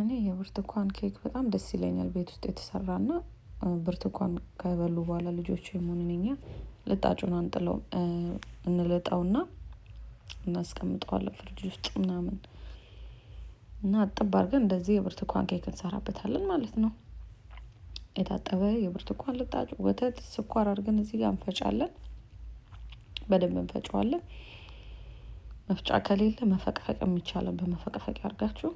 እኔ የብርቱካን ኬክ በጣም ደስ ይለኛል ቤት ውስጥ የተሰራና ብርቱካን ከበሉ በኋላ ልጆች መሆኑን እኛ ልጣጩን አንጥለው እንልጠውና እናስቀምጠዋለን ፍርጅ ውስጥ ምናምን እና አጥብ አድርገን እንደዚህ የብርቱካን ኬክ እንሰራበታለን ማለት ነው። የታጠበ የብርቱካን ልጣጭ፣ ወተት፣ ስኳር አድርገን እዚህ ጋር እንፈጫለን። በደንብ እንፈጨዋለን። መፍጫ ከሌለ መፈቅፈቅ የሚቻለን በመፈቅፈቅ ያርጋችሁ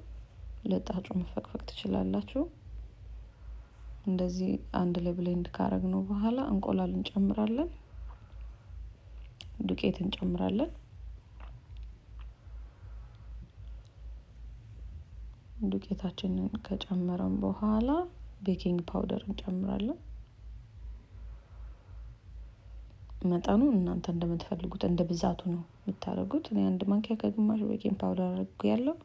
ልጣጩ መፈቅፈቅ ትችላላችሁ። እንደዚህ አንድ ላይ ብሌንድ ነው በኋላ እንቁላል እንጨምራለን፣ ዱቄት እንጨምራለን። ዱቄታችንን ከጨመረን በኋላ ቤኪንግ ፓውደር እንጨምራለን። መጠኑ እናንተ እንደምትፈልጉት እንደ ብዛቱ ነው የምታደርጉት። እኔ አንድ ማንኪያ ከግማሽ ቤኪንግ ፓውደር አድርጌ ያለው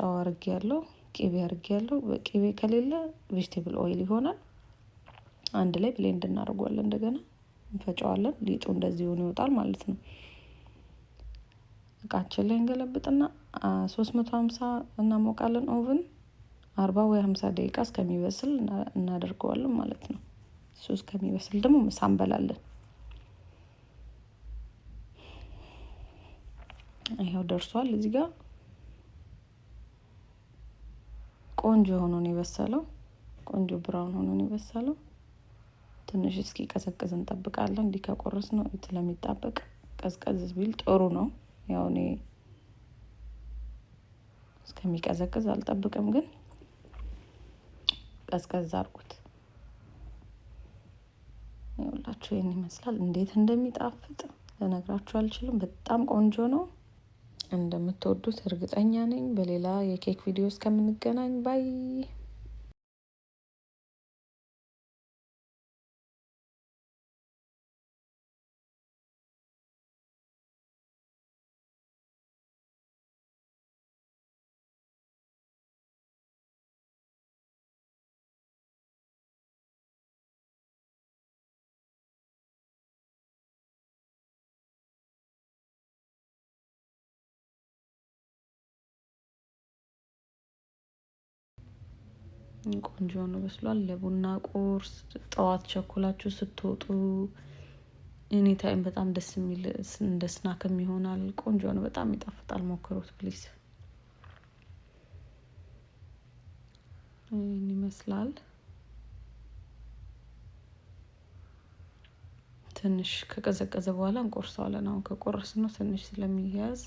ጨው አድርጌያለሁ ቅቤ ያለው ቅቤ ከሌለ ቬጅቴብል ኦይል ይሆናል። አንድ ላይ ብሌንድ እናደርገዋለን እንደገና እንፈጨዋለን ሊጡ እንደዚህ ሆኖ ይወጣል ማለት ነው። እቃችን ላይ እንገለብጥና ሶስት መቶ ሀምሳ እናሞቃለን ኦቭን አርባ ወይ ሀምሳ ደቂቃ እስከሚበስል እናደርገዋለን ማለት ነው። እሱ እስከሚበስል ደግሞ ምሳ እንበላለን። ይኸው ደርሷል እዚህ ጋር ቆንጆ ሆኖ ነው የበሰለው። ቆንጆ ብራውን ሆኖ ነው የበሰለው። ትንሽ እስኪ ቀዘቅዝ እንጠብቃለን። እንዲህ ከቆረስ ነው ለሚጣበቅ ቀዝቀዝ ቢል ጥሩ ነው። ያው እኔ እስከሚቀዘቅዝ አልጠብቅም፣ ግን ቀዝቀዝ አድርጉት። ይኸውላችሁ ይህን ይመስላል። እንዴት እንደሚጣፍጥ ልነግራችሁ አልችልም። በጣም ቆንጆ ነው። እንደምትወዱት እርግጠኛ ነኝ። በሌላ የኬክ ቪዲዮ እስከምንገናኝ ባይ ቆንጆ ነው በስሏል። ለቡና ቁርስ ጠዋት ቸኩላችሁ ስትወጡ እኔ ታይም በጣም ደስ የሚል እንደ ስናክም ይሆናል። ቆንጆ ነው፣ በጣም ይጣፍጣል። ሞክሩት ፕሊዝ። ይህን ይመስላል። ትንሽ ከቀዘቀዘ በኋላ እንቆርሰዋለን። አሁን ከቆረስ ነው ትንሽ ስለሚያያዝ